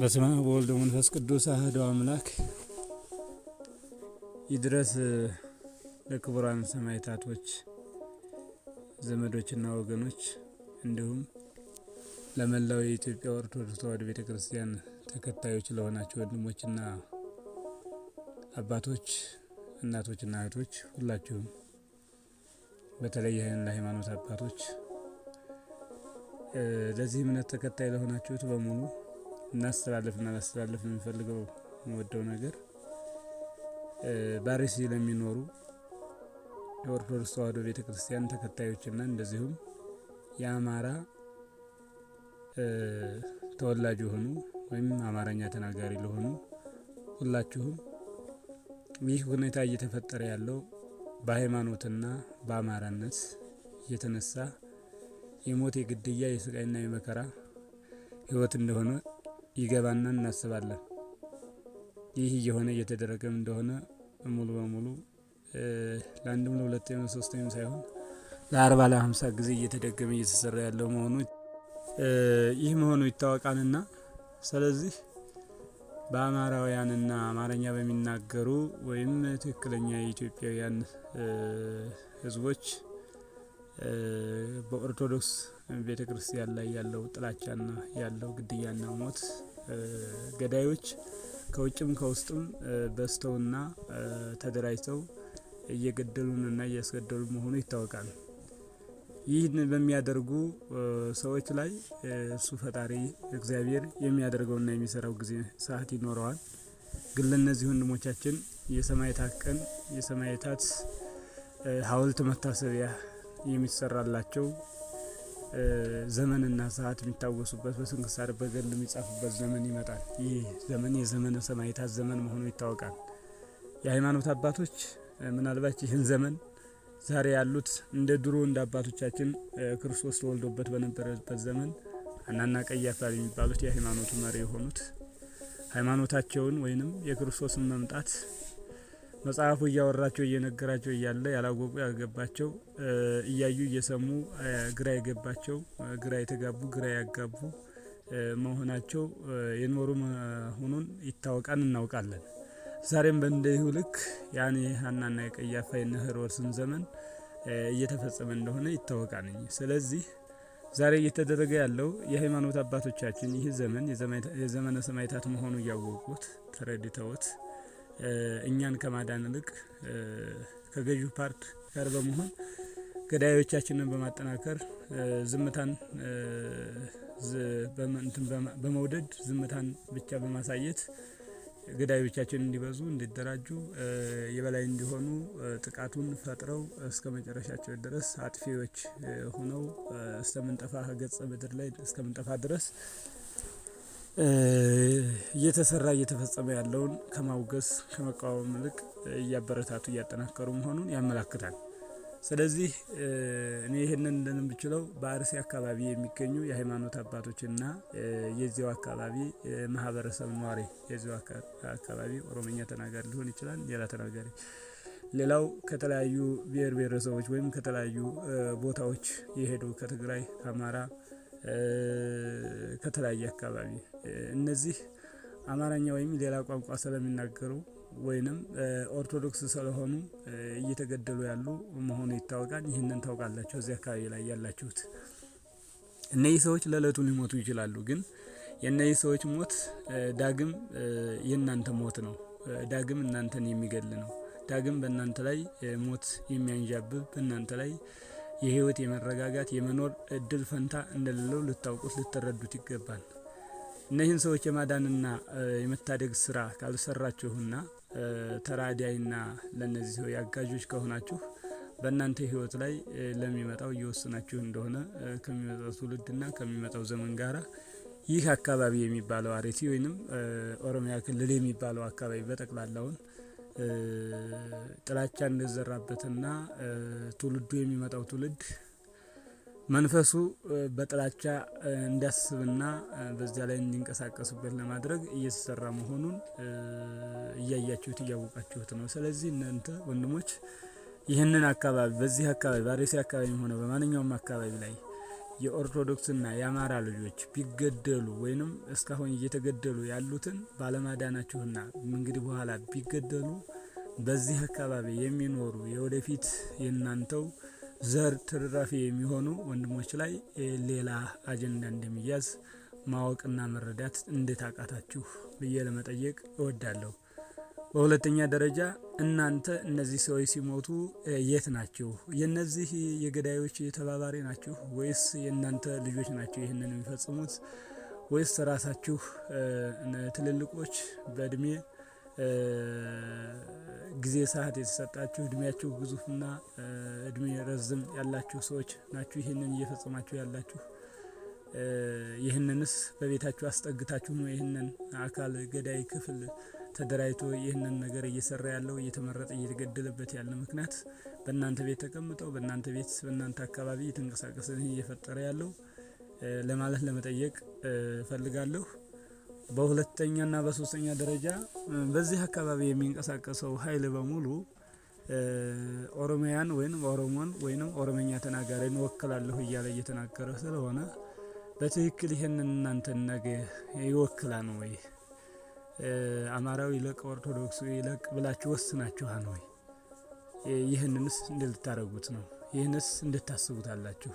በስመ አብ ወወልድ ወመንፈስ ቅዱስ አህዶ አምላክ። ይድረስ ለክቡራን ሰማዕታቶች ዘመዶችና ወገኖች እንዲሁም ለመላው የኢትዮጵያ ኦርቶዶክስ ተዋሕዶ ቤተ ክርስቲያን ተከታዮች ለሆናቸው ወንድሞችና አባቶች፣ እናቶችና እህቶች ሁላችሁም በተለይ ለሃይማኖት አባቶች ለዚህ እምነት ተከታይ ለሆናችሁት በሙሉ እናስተላለፍና ላስተላለፍ የምንፈልገው የምወደው ነገር ባሪሲ ለሚኖሩ የኦርቶዶክስ ተዋህዶ ቤተ ክርስቲያን ተከታዮችና እንደዚሁም የአማራ ተወላጅ የሆኑ ወይም አማርኛ ተናጋሪ ለሆኑ ሁላችሁም ይህ ሁኔታ እየተፈጠረ ያለው በሃይማኖትና በአማራነት የተነሳ የሞት የግድያ የስቃይና የመከራ ህይወት እንደሆነ ይገባና እናስባለን። ይህ እየሆነ እየተደረገም እንደሆነ ሙሉ በሙሉ ለአንድም ሶስት ወይም ሳይሆን ለአርባ ለሀምሳ ጊዜ እየተደገመ እየተሰራ ያለው መሆኑ ይህ መሆኑ ይታወቃልና ስለዚህ በአማራውያንና አማርኛ በሚናገሩ ወይም ትክክለኛ የኢትዮጵያውያን ህዝቦች በኦርቶዶክስ ቤተ ክርስቲያን ላይ ያለው ጥላቻና ያለው ግድያና ሞት ገዳዮች ከውጭም ከውስጥም በዝተውና ተደራጅተው እየገደሉንና እያስገደሉ መሆኑ ይታወቃል። ይህን በሚያደርጉ ሰዎች ላይ እሱ ፈጣሪ እግዚአብሔር የሚያደርገውና የሚሰራው ጊዜ ሰዓት ይኖረዋል። ግን ለእነዚህ ወንድሞቻችን የሰማዕታት ቀን የሰማዕታት ሐውልት መታሰቢያ የሚሰራላቸው ዘመንና ሰዓት የሚታወሱበት በስንክሳር በገል የሚጻፉበት ዘመን ይመጣል። ይህ ዘመን የዘመነ ሰማዕታት ዘመን መሆኑ ይታወቃል። የሃይማኖት አባቶች ምናልባት ይህን ዘመን ዛሬ ያሉት እንደ ድሮ እንደ አባቶቻችን ክርስቶስ ተወልዶበት በነበረበት ዘመን ሐናና ቀያፋ የሚባሉት የሃይማኖቱ መሪ የሆኑት ሃይማኖታቸውን ወይንም የክርስቶስን መምጣት መጽሐፉ እያወራቸው እየነገራቸው እያለ ያላወቁ ያልገባቸው እያዩ እየሰሙ ግራ የገባቸው ግራ የተጋቡ ግራ ያጋቡ መሆናቸው የኖሩ መሆኑን ይታወቃል፣ እናውቃለን። ዛሬም በእንዲሁ ልክ ያን የሀናና የቀያፋ የነህሮስን ዘመን እየተፈጸመ እንደሆነ ይታወቃል። ስለዚህ ዛሬ እየተደረገ ያለው የሃይማኖት አባቶቻችን ይህ ዘመን የዘመነ ሰማዕታት መሆኑ እያወቁት ተረድተውት እኛን ከማዳን ልቅ ከገዢው ፓርት ጋር በመሆን ገዳዮቻችንን በማጠናከር ዝምታን በመውደድ ዝምታን ብቻ በማሳየት ገዳዮቻችን እንዲበዙ እንዲደራጁ የበላይ እንዲሆኑ ጥቃቱን ፈጥረው እስከ መጨረሻቸው ድረስ አጥፊዎች ሆነው እስከምንጠፋ ገጸ ምድር ላይ እስከምንጠፋ ድረስ እየተሰራ እየተፈጸመ ያለውን ከማውገስ ከመቃወም ይልቅ እያበረታቱ እያጠናከሩ መሆኑን ያመላክታል። ስለዚህ እኔ ይህንን ብችለው በአርሲ አካባቢ የሚገኙ የሃይማኖት አባቶችና የዚው አካባቢ ማህበረሰብ ነዋሪ የዚያው አካባቢ ኦሮምኛ ተናጋሪ ሊሆን ይችላል፣ ሌላ ተናጋሪ ሌላው ከተለያዩ ብሔር ብሔረሰቦች ወይም ከተለያዩ ቦታዎች የሄዱ ከትግራይ፣ ከአማራ ከተለያየ አካባቢ እነዚህ አማርኛ ወይም ሌላ ቋንቋ ስለሚናገሩ ወይንም ኦርቶዶክስ ስለሆኑ እየተገደሉ ያሉ መሆኑ ይታወቃል። ይህንን ታውቃላቸው እዚህ አካባቢ ላይ ያላችሁት። እነዚህ ሰዎች ለእለቱ ሊሞቱ ይችላሉ፣ ግን የእነዚህ ሰዎች ሞት ዳግም የእናንተ ሞት ነው። ዳግም እናንተን የሚገል ነው። ዳግም በእናንተ ላይ ሞት የሚያንዣብብ በእናንተ ላይ የህይወት የመረጋጋት የመኖር እድል ፈንታ እንደሌለው ልታውቁት ልትረዱት ይገባል። እነዚህን ሰዎች የማዳንና የመታደግ ስራ ካልሰራችሁና ተራዳይና ለእነዚህ ሰው አጋዦች ከሆናችሁ በእናንተ ህይወት ላይ ለሚመጣው እየወሰናችሁ እንደሆነ ከሚመጣው ትውልድና ከሚመጣው ዘመን ጋራ ይህ አካባቢ የሚባለው አሬቲ ወይም ኦሮሚያ ክልል የሚባለው አካባቢ በጠቅላላውን ጥላቻ እንደዘራበትና ትውልዱ የሚመጣው ትውልድ መንፈሱ በጥላቻ እንዲያስብና በዚያ ላይ እንዲንቀሳቀሱበት ለማድረግ እየተሰራ መሆኑን እያያችሁት እያወቃችሁት ነው። ስለዚህ እናንተ ወንድሞች ይህንን አካባቢ በዚህ አካባቢ በአርሲ አካባቢ ሆነ በማንኛውም አካባቢ ላይ የኦርቶዶክስና የአማራ ልጆች ቢገደሉ ወይንም እስካሁን እየተገደሉ ያሉትን ባለማዳናችሁና እንግዲህ በኋላ ቢገደሉ በዚህ አካባቢ የሚኖሩ የወደፊት የእናንተው ዘር ትርራፊ የሚሆኑ ወንድሞች ላይ ሌላ አጀንዳ እንደሚያዝ ማወቅና መረዳት እንዴት አቃታችሁ ብዬ ለመጠየቅ እወዳለሁ። በሁለተኛ ደረጃ እናንተ እነዚህ ሰዎች ሲሞቱ የት ናችሁ? የነዚህ የገዳዮች ተባባሪ ናችሁ ወይስ የእናንተ ልጆች ናቸው ይህንን የሚፈጽሙት? ወይስ ራሳችሁ ትልልቆች በእድሜ ጊዜ ሰዓት የተሰጣችሁ እድሜያችሁ ግዙፍና እድሜ ረዝም ያላችሁ ሰዎች ናችሁ ይህንን እየፈጸማችሁ ያላችሁ? ይህንንስ በቤታችሁ አስጠግታችሁ ነው ይህንን አካል ገዳይ ክፍል ተደራጅቶ ይህንን ነገር እየሰራ ያለው እየተመረጠ እየተገደለበት ያለ ምክንያት በእናንተ ቤት ተቀምጠው በእናንተ ቤት በእናንተ አካባቢ እየተንቀሳቀሰ እየፈጠረ ያለው ለማለት ለመጠየቅ እፈልጋለሁ። በሁለተኛና በሶስተኛ ደረጃ በዚህ አካባቢ የሚንቀሳቀሰው ኃይል በሙሉ ኦሮሚያን ወይም ኦሮሞን ወይም ኦሮመኛ ተናጋሪን ወክላለሁ እያለ እየተናገረ ስለሆነ በትክክል ይህንን እናንተን ነገ ይወክላል ወይ? አማራዊ ይለቅ ኦርቶዶክሱ ይለቅ ብላችሁ ወስናችኋል ወይ? ይህንንስ እንድልታደረጉት ነው? ይህንስ እንድታስቡታላችሁ?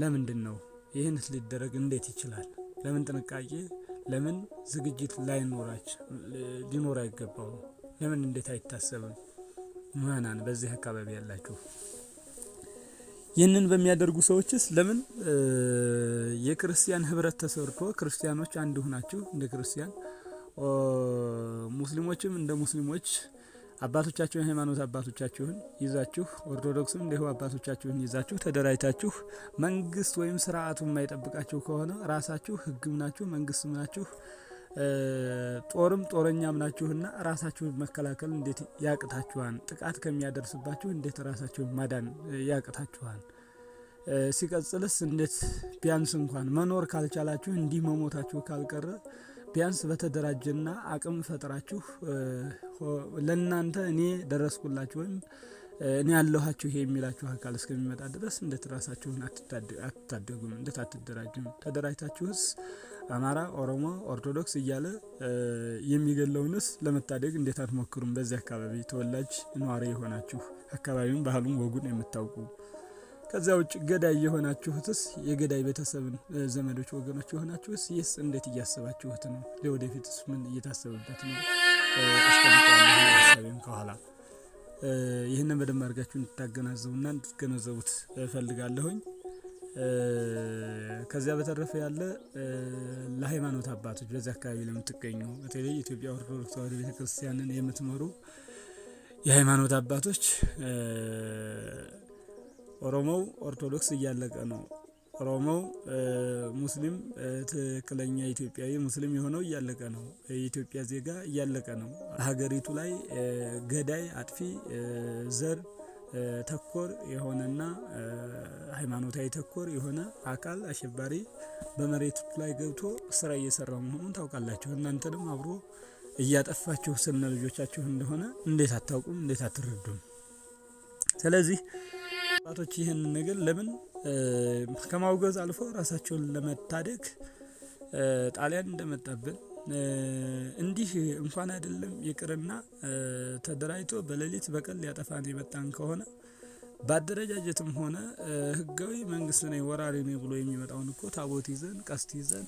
ለምንድን ነው ይህንስ ሊደረግ እንዴት ይችላል? ለምን ጥንቃቄ ለምን ዝግጅት ላይኖራችሁ ሊኖር አይገባው? ለምን እንዴት አይታሰብም? ምህናን በዚህ አካባቢ ያላችሁ ይህንን በሚያደርጉ ሰዎችስ ለምን የክርስቲያን ህብረት ተሰርቶ ክርስቲያኖች አንድ ሁናችሁ እንደ ክርስቲያን ሙስሊሞችም እንደ ሙስሊሞች አባቶቻችሁን ሃይማኖት አባቶቻችሁን ይዛችሁ ኦርቶዶክስም እንዲሁ አባቶቻችሁን ይዛችሁ ተደራጅታችሁ መንግስት ወይም ስርዓቱ የማይጠብቃችሁ ከሆነ ራሳችሁ ህግም ናችሁ መንግስትም ናችሁ ጦርም ጦረኛም ናችሁና ራሳችሁን መከላከል እንዴት ያቅታችኋል? ጥቃት ከሚያደርስባችሁ እንዴት ራሳችሁን ማዳን ያቅታችኋል? ሲቀጽልስ እንዴት ቢያንስ እንኳን መኖር ካልቻላችሁ እንዲህ መሞታችሁ ካልቀረ ቢያንስ በተደራጀና አቅም ፈጥራችሁ ለእናንተ እኔ ደረስኩላችሁ ወይም እኔ ያለኋችሁ የሚላችሁ አካል እስከሚመጣ ድረስ እንዴት ራሳችሁን አትታደጉም? እንዴት አትደራጁም? ተደራጅታችሁስ አማራ፣ ኦሮሞ፣ ኦርቶዶክስ እያለ የሚገለውንስ ለመታደግ እንዴት አትሞክሩም? በዚህ አካባቢ ተወላጅ ነዋሪ የሆናችሁ አካባቢውን ባህሉን፣ ወጉን የምታውቁ ከዚያ ውጭ ገዳይ የሆናችሁትስ የገዳይ ቤተሰብን ዘመዶች፣ ወገኖች የሆናችሁስ ይህስ እንዴት እያሰባችሁት ነው? ለወደፊትስ ምን እየታሰበበት ነው? አስቀምጠዋለሁ ከኋላ ይህንን በደንብ አድርጋችሁ እንድታገናዘቡና እንድትገነዘቡት እፈልጋለሁኝ። ከዚያ በተረፈ ያለ ለሃይማኖት አባቶች በዚህ አካባቢ ለምትገኙ በተለይ ኢትዮጵያ ኦርቶዶክስ ተዋሕዶ ቤተክርስቲያንን የምትመሩ የሃይማኖት አባቶች ኦሮሞው ኦርቶዶክስ እያለቀ ነው። ኦሮሞው ሙስሊም ትክክለኛ ኢትዮጵያዊ ሙስሊም የሆነው እያለቀ ነው። የኢትዮጵያ ዜጋ እያለቀ ነው። ሀገሪቱ ላይ ገዳይ፣ አጥፊ፣ ዘር ተኮር የሆነና ሃይማኖታዊ ተኮር የሆነ አካል አሸባሪ በመሬቱ ላይ ገብቶ ስራ እየሰራ መሆኑን ታውቃላችሁ። እናንተንም አብሮ እያጠፋችሁ ስነ ልጆቻችሁ እንደሆነ እንዴት አታውቁም? እንዴት አትረዱም? ስለዚህ አባቶች ይህን ነገር ለምን ከማውገዝ አልፎ ራሳቸውን ለመታደግ ጣሊያን እንደመጣብን እንዲህ እንኳን አይደለም ይቅርና ተደራጅቶ በሌሊት በቀን ሊያጠፋን የመጣን ከሆነ በአደረጃጀትም ሆነ ህጋዊ መንግስት ነኝ ወራሪ ነኝ ብሎ የሚመጣውን እኮ ታቦት ይዘን ቀስት ይዘን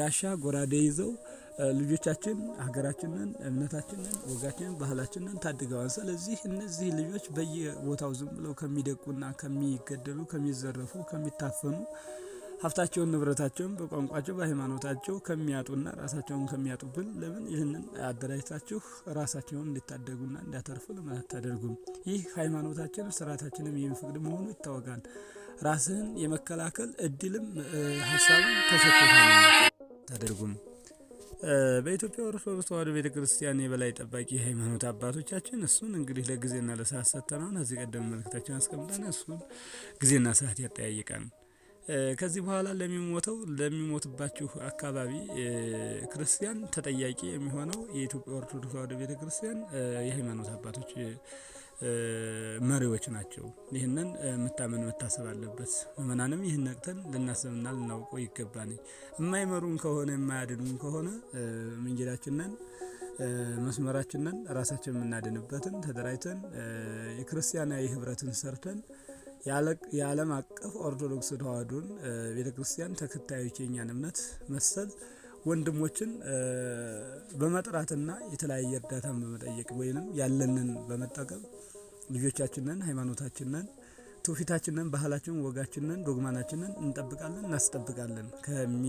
ጋሻ ጎራዴ ይዘው ልጆቻችን ሀገራችንን፣ እምነታችንን፣ ወጋችንን፣ ባህላችንን ታድገዋል። ስለዚህ እነዚህ ልጆች በየቦታው ዝም ብለው ከሚደቁና ከሚገደሉ፣ ከሚዘረፉ፣ ከሚታፈኑ ሀብታቸውን ንብረታቸውን በቋንቋቸው በሃይማኖታቸው ከሚያጡና ራሳቸውን ከሚያጡብን ለምን ይህንን አደራጅታችሁ ራሳቸውን እንዲታደጉና እንዲያተርፉ ለምን አታደርጉም? ይህ ሃይማኖታችንም ስርዓታችንም የሚፈቅድ መሆኑ ይታወቃል። ራስህን የመከላከል እድልም ሀሳብም ተሰጥቶታል። ታደርጉም በኢትዮጵያ ኦርቶዶክስ ተዋሕዶ ቤተ ክርስቲያን የበላይ ጠባቂ የሃይማኖት አባቶቻችን እሱን እንግዲህ ለጊዜና ለሰዓት ሰጥተነዋል። ከዚህ ቀደም መልእክታችን አስቀምጠን እሱን ጊዜና ሰዓት ያጠያይቃል። ከዚህ በኋላ ለሚሞተው ለሚሞትባችሁ አካባቢ ክርስቲያን ተጠያቂ የሚሆነው የኢትዮጵያ ኦርቶዶክስ ተዋሕዶ ቤተ ክርስቲያን የሃይማኖት አባቶች መሪዎች ናቸው። ይህንን መታመን መታሰብ አለበት። ምእመናንም ይህን ነቅተን ልናስብና ልናውቀው ይገባን። የማይመሩን ከሆነ የማያድኑን ከሆነ መንገዳችንን መስመራችንን ራሳችን የምናድንበትን ተደራጅተን የክርስቲያናዊ ህብረትን ሰርተን የዓለም አቀፍ ኦርቶዶክስ ተዋሕዶን ቤተ ክርስቲያን ተከታዮች የኛን እምነት መሰል ወንድሞችን በመጥራትና የተለያየ እርዳታን በመጠየቅ ወይንም ያለንን በመጠቀም ልጆቻችንን፣ ሃይማኖታችንን፣ ትውፊታችንን፣ ባህላችንን፣ ወጋችንን፣ ዶግማናችንን እንጠብቃለን፣ እናስጠብቃለን ከሚ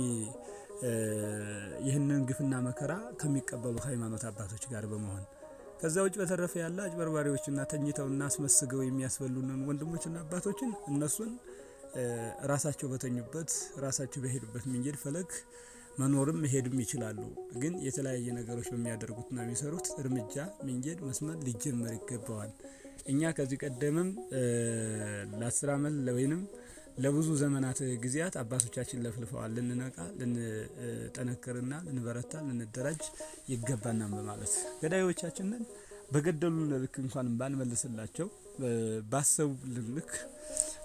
ይህንን ግፍና መከራ ከሚቀበሉ ሃይማኖት አባቶች ጋር በመሆን ከዛ ውጭ በተረፈ ያለ አጭበርባሪዎችና ተኝተውና አስመስገው የሚያስበሉንን ወንድሞችና አባቶችን እነሱን ራሳቸው በተኙበት ራሳቸው በሄዱበት መንገድ ፈለግ መኖርም መሄድም ይችላሉ። ግን የተለያየ ነገሮች በሚያደርጉትና የሚሰሩት እርምጃ መንገድ መስመር ሊጀመር ይገባዋል። እኛ ከዚህ ቀደምም ለአስር አመት ወይንም ለብዙ ዘመናት ጊዜያት አባቶቻችን ለፍልፈዋል። ልንነቃ ልንጠነክርና ልንበረታ ልንደራጅ ይገባናም በማለት ገዳዮቻችንን በገደሉን ልክ እንኳን ባንመልስላቸው ባሰቡ ልክ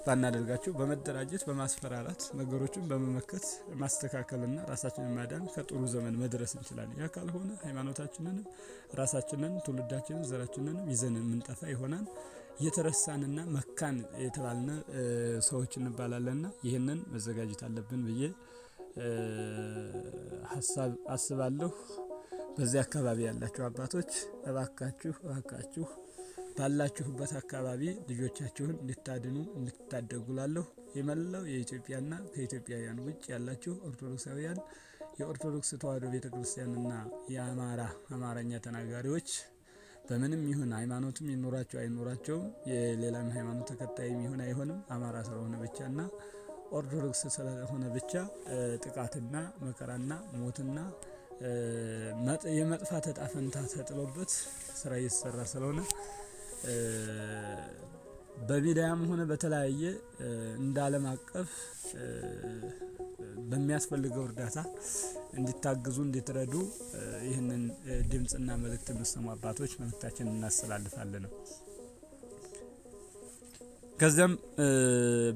ባናደርጋቸው በመደራጀት በማስፈራራት ነገሮችን በመመከት ማስተካከልና ራሳችንን ማዳን ከጥሩ ዘመን መድረስ እንችላለን። ያ ካልሆነ ሃይማኖታችንንም ራሳችንን ትውልዳችንን ዘራችንንም ይዘን የምንጠፋ ይሆናል። የተረሳንና መካን የተባልነ ሰዎች እንባላለንና ይህንን መዘጋጀት አለብን ብዬ ሀሳብ አስባለሁ። በዚህ አካባቢ ያላችሁ አባቶች እባካችሁ እባካችሁ ባላችሁበት አካባቢ ልጆቻችሁን እንድታድኑ እንድታደጉላለሁ። የመላው የኢትዮጵያና ከኢትዮጵያውያን ውጭ ያላችሁ ኦርቶዶክሳውያን የኦርቶዶክስ ተዋሕዶ ቤተ ክርስቲያንና የአማራ አማርኛ ተናጋሪዎች በምንም ይሁን ሃይማኖትም ይኖራቸው አይኖራቸውም የሌላም ሃይማኖት ተከታይም ይሁን አይሆንም አማራ ስለሆነ ብቻና ኦርቶዶክስ ስለሆነ ብቻ ጥቃትና መከራና ሞትና የመጥፋት እጣ ፈንታ ተጥሎበት ስራ እየተሰራ ስለሆነ በሚዲያም ሆነ በተለያየ እንደ ዓለም አቀፍ በሚያስፈልገው እርዳታ እንዲታግዙ እንዲትረዱ ይህንን ድምፅና መልእክት የምሰሙ አባቶች መልእክታችን እናስተላልፋለን ነው። ከዚያም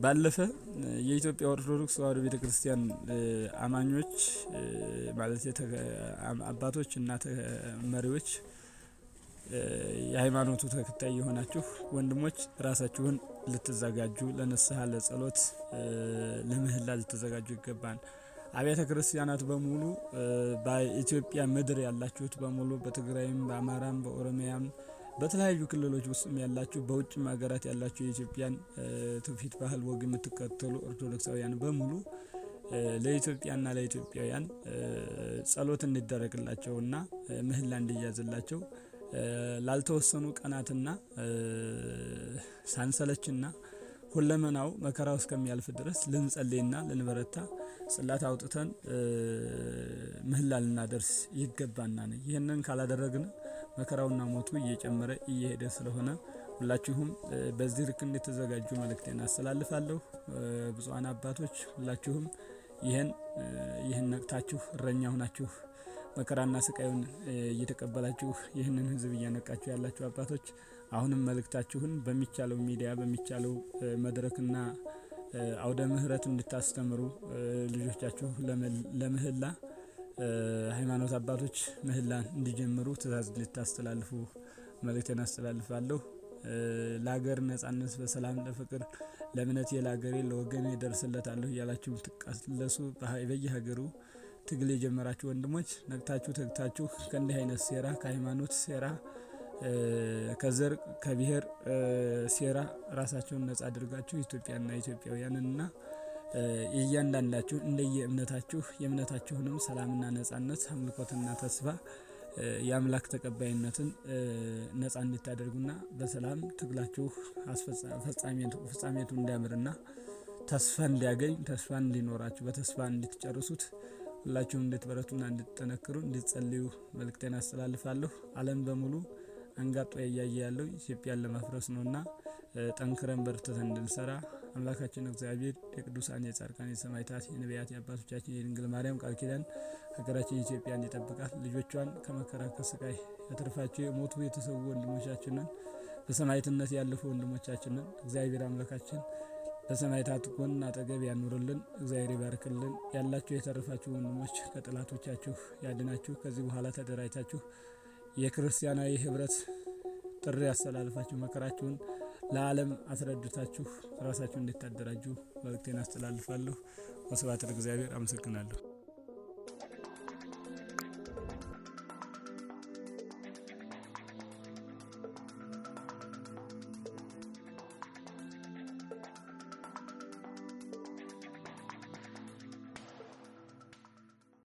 ባለፈ የኢትዮጵያ ኦርቶዶክስ ተዋሕዶ ቤተ ክርስቲያን አማኞች ማለት አባቶች እና መሪዎች የሃይማኖቱ ተከታይ የሆናችሁ ወንድሞች ራሳችሁን ልትዘጋጁ ለንስሐ፣ ለጸሎት፣ ለምህላ ልትዘጋጁ ይገባል። አብያተ ክርስቲያናት በሙሉ በኢትዮጵያ ምድር ያላችሁት በሙሉ በትግራይም፣ በአማራም፣ በኦሮሚያም በተለያዩ ክልሎች ውስጥም ያላችሁ በውጭም ሀገራት ያላችሁ የኢትዮጵያን ትውፊት፣ ባህል፣ ወግ የምትከተሉ ኦርቶዶክሳውያን በሙሉ ለኢትዮጵያና ለኢትዮጵያውያን ጸሎት እንዲደረግላቸውና ምህላ እንዲያዝላቸው ላልተወሰኑ ቀናትና ሳንሰለችና ሁለመናው መከራው እስከሚያልፍ ድረስ ልንጸልይና ልንበረታ ጽላት አውጥተን ምህላ ልናደርስ ይገባናል። ይህንን ካላደረግን መከራውና ሞቱ እየጨመረ እየሄደ ስለሆነ ሁላችሁም በዚህ ልክ እንድትዘጋጁ መልእክቴን አስተላልፋለሁ። ብፁዓን አባቶች ሁላችሁም ይህን ይህን ነቅታችሁ እረኛ ሁናችሁ መከራና ስቃዩን እየተቀበላችሁ ይህንን ህዝብ እያነቃችሁ ያላችሁ አባቶች አሁንም መልእክታችሁን በሚቻለው ሚዲያ በሚቻለው መድረክና አውደ ምህረት እንድታስተምሩ ልጆቻችሁ ለምህላ ሃይማኖት አባቶች ምህላን እንዲጀምሩ ትእዛዝ እንድታስተላልፉ መልእክትን አስተላልፋለሁ። ለሀገር ነጻነት፣ በሰላም ለፍቅር፣ ለእምነቴ፣ የላገሬ ለወገኔ ደርስለታለሁ እያላችሁ የምትቃለሱ በየሀገሩ ትግል የጀመራችሁ ወንድሞች ነቅታችሁ ተግታችሁ ከእንዲህ አይነት ሴራ ከሃይማኖት ሴራ ከዘር ከብሔር ሴራ ራሳቸውን ነጻ አድርጋችሁ ኢትዮጵያና ኢትዮጵያውያንና እያንዳንዳችሁ እንደየ እምነታችሁ የእምነታችሁንም ሰላምና ነጻነት አምልኮትና ተስፋ የአምላክ ተቀባይነትን ነጻ እንድታደርጉና በሰላም ትግላችሁ ፍጻሜቱ እንዲያምርና ተስፋ እንዲያገኝ ተስፋ እንዲኖራችሁ በተስፋ እንድትጨርሱት ሁላችሁም እንድትበረቱና እንድትጠነክሩ እንድትጸልዩ መልእክቴን አስተላልፋለሁ። ዓለም በሙሉ አንጋጦ እያየ ያለው ኢትዮጵያን ለማፍረስ ነውና ጠንክረን በርትተን እንድንሰራ አምላካችን እግዚአብሔር የቅዱሳን የጻድቃን የሰማዕታት የነቢያት የአባቶቻችን የድንግል ማርያም ቃል ኪዳን ሀገራችን ኢትዮጵያን ይጠብቃል። ልጆቿን ከመከራ ከስቃይ ያተርፋቸው። የሞቱ የተሰዉ ወንድሞቻችንን በሰማዕትነት ያለፉ ወንድሞቻችንን እግዚአብሔር አምላካችን በሰማዕታትም አጠገብ ያኑርልን። እግዚአብሔር ይባርክልን። ያላችሁ የተረፋችሁ ወንድሞች ከጠላቶቻችሁ ያድናችሁ። ከዚህ በኋላ ተደራጅታችሁ የክርስቲያናዊ ህብረት ጥሪ ያስተላልፋችሁ መከራችሁን ለዓለም አስረድታችሁ ራሳችሁ እንድታደራጁ መልእክቴን አስተላልፋለሁ። ወስብሐት ለእግዚአብሔር። አመሰግናለሁ።